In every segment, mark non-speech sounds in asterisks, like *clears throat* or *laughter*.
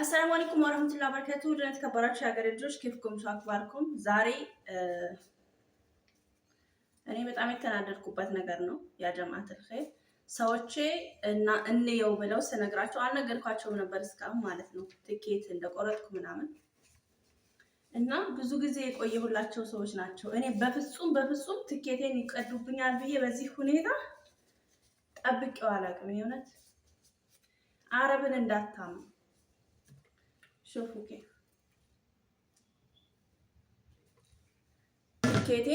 አሰላሙ አለይኩም ወረህመቱላ በረከቱ ድና የተከበራችሁ የሀገር ልጆች ኬፍኩም አክባርኩም። ዛሬ እኔ በጣም የተናደድኩበት ነገር ነው። ያጀማትል ኸይር ሰዎቼ እና እንየው ብለው ስነግራቸው አልነገርኳቸውም ነበር እስካሁን ማለት ነው፣ ትኬት እንደቆረጥኩ ምናምን እና ብዙ ጊዜ የቆየሁላቸው ሰዎች ናቸው። እኔ በፍጹም በፍጹም ትኬቴን ይቀዱብኛል ብዬ በዚህ ሁኔታ ጠብቄው አላውቅም። የእውነት አረብን እንዳታምኑ ሾፉኬ ኬቴ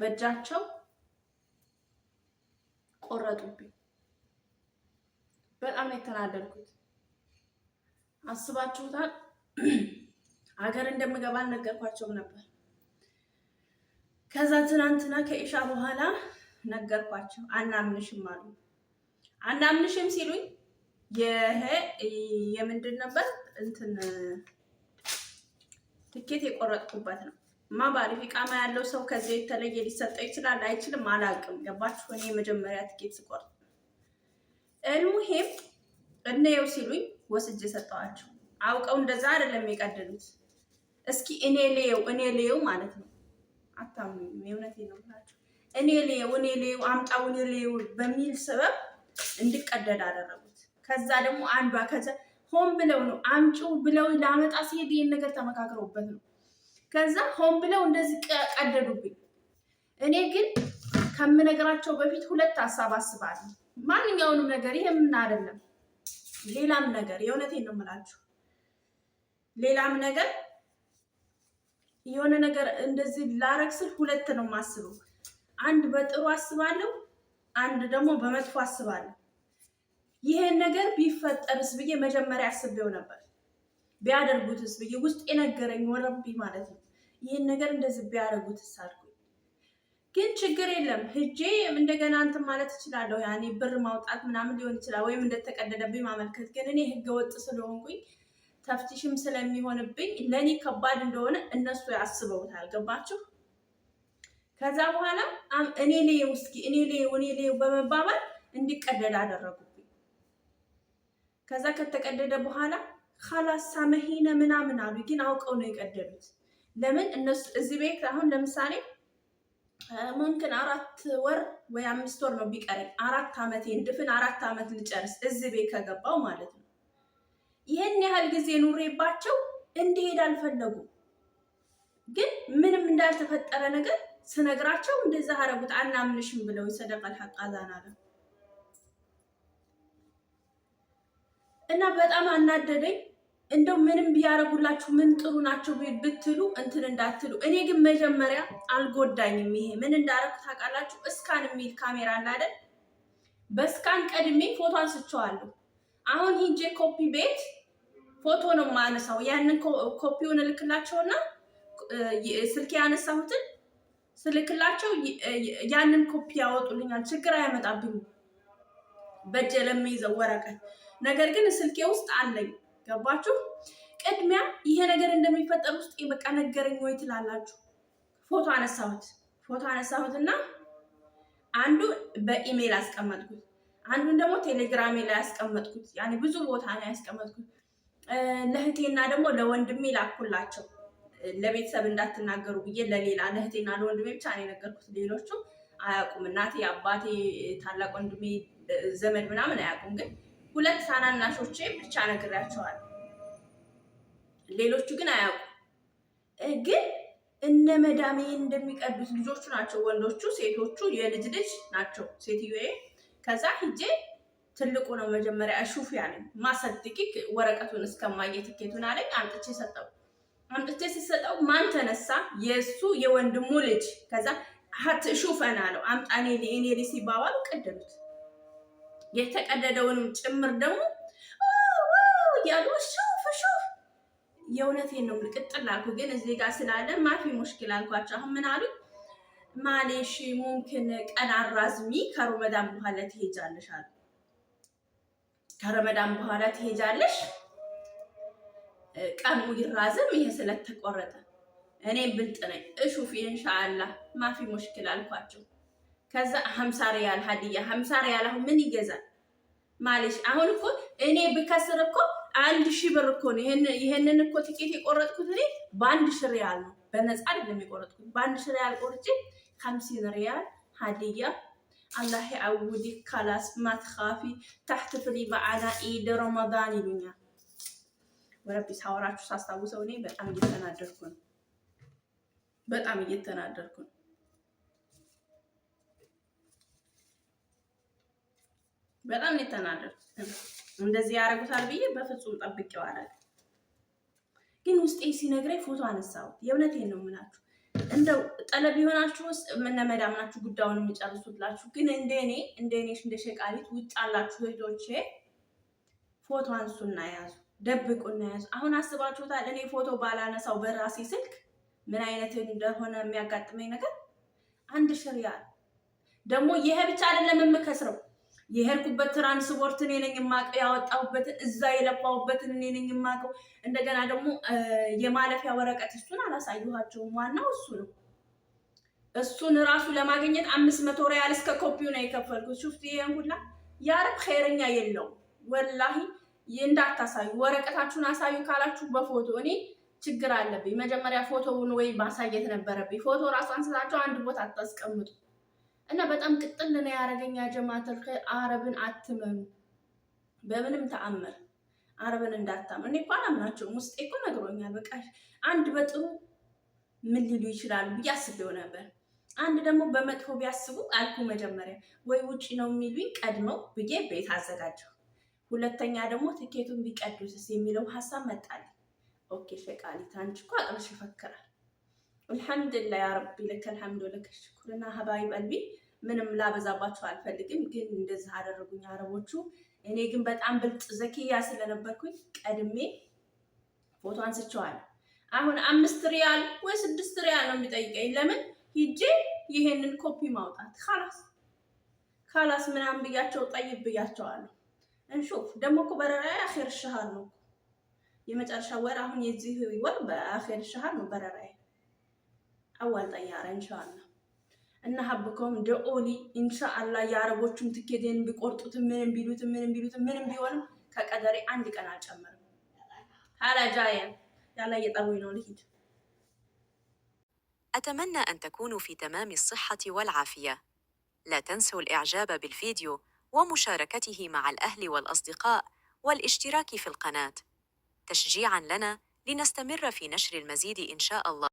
በእጃቸው ቆረጡብኝ። በጣም ነው የተናደድኩት። አስባችሁታል? *clears throat* ሀገር እንደምገባ አልነገርኳቸውም ነበር። ከዛ ትናንትና ከኢሻ በኋላ ነገርኳቸው። አናምንሽም አሉ። አናምንሽም ሲሉኝ ይሄ የምንድን ነበር እንትን ትኬት የቆረጥኩበት ነው። እማ በአሪፍ ቃማ ያለው ሰው ከዚህ የተለየ ሊሰጠው ይችላል አይችልም አላውቅም። ገባችሁ? እኔ የመጀመሪያ ትኬት ስቆርጥ እልሙሄም እነየው ሲሉኝ ወስጄ ሰጠዋቸው። አውቀው እንደዛ አይደለም የቀደሉት። እስኪ እኔ ልየው እኔ ልየው ማለት ነው። አታምኑኝም። የእውነቴን ነው ብላችሁ እኔ ልየው እኔ ልየው አምጣው እኔ ልየው በሚል ሰበብ እንድቀደድ አደረጉት። ከዛ ደግሞ አንዷ ከዛ ሆን ብለው ነው አምጪው ብለው ላመጣ ሲሄድ ይህን ነገር ተመካክረውበት ነው። ከዛ ሆን ብለው እንደዚህ ቀደዱብኝ። እኔ ግን ከምነግራቸው በፊት ሁለት ሀሳብ አስባለሁ። ማንኛውንም ነገር ይሄ ምን አይደለም፣ ሌላም ነገር የእውነቴን ነው የምላችሁ፣ ሌላም ነገር የሆነ ነገር እንደዚህ ላረግ ስል ሁለት ነው የማስበው። አንድ በጥሩ አስባለሁ፣ አንድ ደግሞ በመጥፎ አስባለሁ። ይሄን ነገር ቢፈጠርስ ብዬ መጀመሪያ አስቤው ነበር። ቢያደርጉትስ ብዬ ውስጥ የነገረኝ ሆነብኝ ማለት ነው። ይህን ነገር እንደዚህ ቢያደርጉትስ አልኩኝ። ግን ችግር የለም ህጄ እንደገና እንትን ማለት እችላለሁ። ያኔ ብር ማውጣት ምናምን ሊሆን ይችላል፣ ወይም እንደተቀደደብኝ ማመልከት። ግን እኔ ህገ ወጥ ስለሆንኩኝ ተፍቲሽም ስለሚሆንብኝ ለእኔ ከባድ እንደሆነ እነሱ ያስበውታል። ገባችሁ? ከዛ በኋላ እኔ ሌ ውስኪ እኔ ሌ እኔ ሌ በመባባል እንዲቀደድ አደረጉ። ከዛ ከተቀደደ በኋላ ካላሳ መሂነ ምናምን አሉ። ግን አውቀው ነው የቀደዱት። ለምን እነሱ እዚህ ቤት አሁን ለምሳሌ ሙምክን አራት ወር ወይ አምስት ወር ነው ቢቀረኝ አራት ዓመቴን ድፍን አራት ዓመት ልጨርስ እዚህ ቤት ከገባው ማለት ነው። ይህን ያህል ጊዜ ኑሬባቸው እንዲሄድ አልፈለጉ፣ ግን ምንም እንዳልተፈጠረ ነገር ስነግራቸው እንደዛ አረጉት። አናምንሽም ብለው ሰደቃል ሐቃዛን አለ እና በጣም አናደደኝ። እንደው ምንም ቢያደርጉላችሁ ምን ጥሩ ናቸው ብትሉ እንትን እንዳትሉ። እኔ ግን መጀመሪያ አልጎዳኝም። ይሄ ምን እንዳደረጉ ታውቃላችሁ? እስካን የሚል ካሜራ እናደል በስካን ቀድሜ ፎቶ አንስቼዋለሁ። አሁን ሂጄ ኮፒ ቤት ፎቶ ነው የማነሳው። ያንን ኮፒውን እልክላቸውና ስልክ ያነሳሁትን ስልክላቸው ያንን ኮፒ ያወጡልኛል። ችግር አያመጣብኝ በእጄ ለሚይዘው ወረቀት ነገር ግን ስልኬ ውስጥ አለኝ። ገባችሁ? ቅድሚያ ይሄ ነገር እንደሚፈጠር ውስጥ በቃ ነገረኝ ወይ ትላላችሁ። ፎቶ አነሳሁት ፎቶ አነሳሁትና አንዱ በኢሜይል አስቀመጥኩት፣ አንዱን ደግሞ ቴሌግራሜ ላይ አስቀመጥኩት። ያኔ ብዙ ቦታ ላይ ያስቀመጥኩት ለእህቴና ደግሞ ለወንድሜ ላኩላቸው። ለቤተሰብ እንዳትናገሩ ብዬ ለሌላ ለእህቴና ለወንድሜ ብቻ ነው የነገርኩት። ሌሎቹ አያውቁም። እናቴ፣ አባቴ፣ ታላቅ ወንድሜ ዘመድ ምናምን አያውቁም ግን ሁለት ታናናሾቼ ብቻ ነግሬያቸዋል። ሌሎቹ ግን አያውቁም። ግን እነ መዳሜ እንደሚቀዱት ልጆቹ ናቸው ወንዶቹ፣ ሴቶቹ የልጅ ልጅ ናቸው ሴትዮዬ። ከዛ ሂጄ ትልቁ ነው መጀመሪያ ሹፍ ያለኝ ማሰድቂክ ወረቀቱን እስከማየ ትኬቱን አለኝ። አምጥቼ ሰጠው። አምጥቼ ሲሰጠው ማን ተነሳ? የእሱ የወንድሙ ልጅ። ከዛ ሀት እሹፈን አለው። አምጣኔ እኔ ሪሲ ባባሉ ቀደሉት የተቀደደውንም ጭምር ደግሞ እያሉ ሹፍ ሹፍ የእውነቴን ነው ልቅጥል አልኩ። ግን እዚህ ጋር ስላለ ማፊ ሙሽኪል አልኳቸው። አሁን ምን አሉኝ? ማሌሽ ሙምክን ቀን አራዝሚ ከረመዳን በኋላ ትሄጃለሽ አሉ። ከረመዳን በኋላ ትሄጃለሽ ቀኑ ይራዝም፣ ይሄ ስለተቆረጠ እኔ ብልጥ ነኝ። እሹፍ ኢንሻአላህ ማፊ ሙሽኪል አልኳቸው። ከዛ ሀምሳ ሪያል ሀዲያ ሀምሳ ሪያል አሁን ምን ይገዛል ማለሽ? አሁን እኮ እኔ ብከስር እኮ አንድ ሺህ ብር እኮ ነው። ይሄንን እኮ ትኬት የቆረጥኩት እኔ በአንድ ሺህ ሪያል ነው፣ በነፃ አይደለም የቆረጥኩት። በአንድ ሺህ ሪያል ቆርጬ ሀምሲን ሪያል ሀዲያ አላህ አውዲ ካላስ ማትካፊ ታሕት ፍሊ በዓላ ኢድ ረመዳን ይሉኛል። ወረቢ ሳወራችሁ ሳስታውሰው እኔ በጣም እየተናደርኩ ነው። በጣም እየተናደርኩ ነው። በጣም ነው የተናደድኩት። እንደዚህ ያደርጉታል ብዬ በፍጹም ጠብቄው አደረግ ግን ውስጤ ሲነግረኝ ፎቶ አነሳሁት። የእውነቴን ነው የምላችሁ። እንደው ጠለብ የሆናችሁ ውስጥ ምነመዳም ናችሁ ጉዳዩን የሚጨርሱላችሁ። ግን እንደኔ እንደኔ እንደ ሸቃሊት ውጭ አላችሁ ልጆቼ ፎቶ አንሱና ያዙ፣ ደብቁና ያዙ። አሁን አስባችሁታል። እኔ ፎቶ ባላነሳው በራሴ ስልክ ምን አይነት እንደሆነ የሚያጋጥመኝ ነገር አንድ ሽር ያህል ደግሞ ይሄ ብቻ አይደለም የምከስረው የሄድኩበት ትራንስፖርት እኔ ነኝ የማውቀው፣ ያወጣሁበትን እዛ የለፋሁበትን እኔ ነኝ የማውቀው። እንደገና ደግሞ የማለፊያ ወረቀት እሱን አላሳየኋቸውም። ዋናው እሱ ነው። እሱን እራሱ ለማግኘት አምስት መቶ ሪያል እስከ ኮፒው ነው የከፈልኩት። ሹፍት ይሄን ሁላ የአረብ ኸይረኛ የለው ወላሂ። እንዳታሳዩ ወረቀታችሁን አሳዩ ካላችሁ በፎቶ እኔ ችግር አለብኝ። መጀመሪያ ፎቶውን ወይ ማሳየት ነበረብኝ። ፎቶ ራሱ አንስታችሁ አንድ ቦታ አታስቀምጡ። እና በጣም ቅጥል ነው ያደረገኝ። ጀማተል አረብን አትመኑ በምንም ተአምር አረብን እንዳታምኑ። እኔ እኮ አላምናቸውም። ውስጤ እኮ ነግሮኛል። በቃ አንድ በጥሩ ምን ሊሉ ይችላሉ ብዬ አስቤው ነበር። አንድ ደግሞ በመጥፎ ቢያስቡ አልኩ መጀመሪያ ወይ ውጭ ነው የሚሉኝ ቀድመው ብዬ ቤት አዘጋጀው። ሁለተኛ ደግሞ ትኬቱን ቢቀዱትስ የሚለው ሀሳብ መጣልኝ። ኦኬ ሸቃሊት አንቺ እኮ አቅምሽ ይፈክራል አልሐምዱላ ያረቢ ለከ አልሐምዱ ለከ ሽኩርና ሀባይ በልቢ ምንም ላበዛባቸው አልፈልግም፣ ግን እንደዚህ አደረጉኝ አረቦቹ። እኔ ግን በጣም ብልጥ ዘኪያ ስለነበርኩኝ ቀድሜ ፎቶ አንስቼዋለሁ። አሁን አምስት ሪያል ወይ ስድስት ሪያል ነው የሚጠይቀኝ። ለምን ሂጄ ይሄንን ኮፒ ማውጣት ካላስ ካላስ ምናምን ብያቸው ጠይብ ብያቸዋለሁ። እንሹፍ ደግሞ እኮ በረራ አኼር ሻሃር ነው የመጨረሻ ወር። አሁን የዚህ ወር በአኼር ሻሃር ነው በረራዬ أول طيارة إن شاء الله إن شاء الله يا رب وشم ትኬቴን ቢቆርጡት ምንም بيلو ምንም بيلو ምንም بيوان ከቀደሬ عندك أنا أجمر هلا جاية يلا ነው ልሂድ። أتمنى أن تكونوا في تمام الصحة والعافية. لا تنسوا الإعجاب بالفيديو ومشاركته مع الأهل والأصدقاء والاشتراك في القناة تشجيعا لنا لنستمر في نشر المزيد إن شاء الله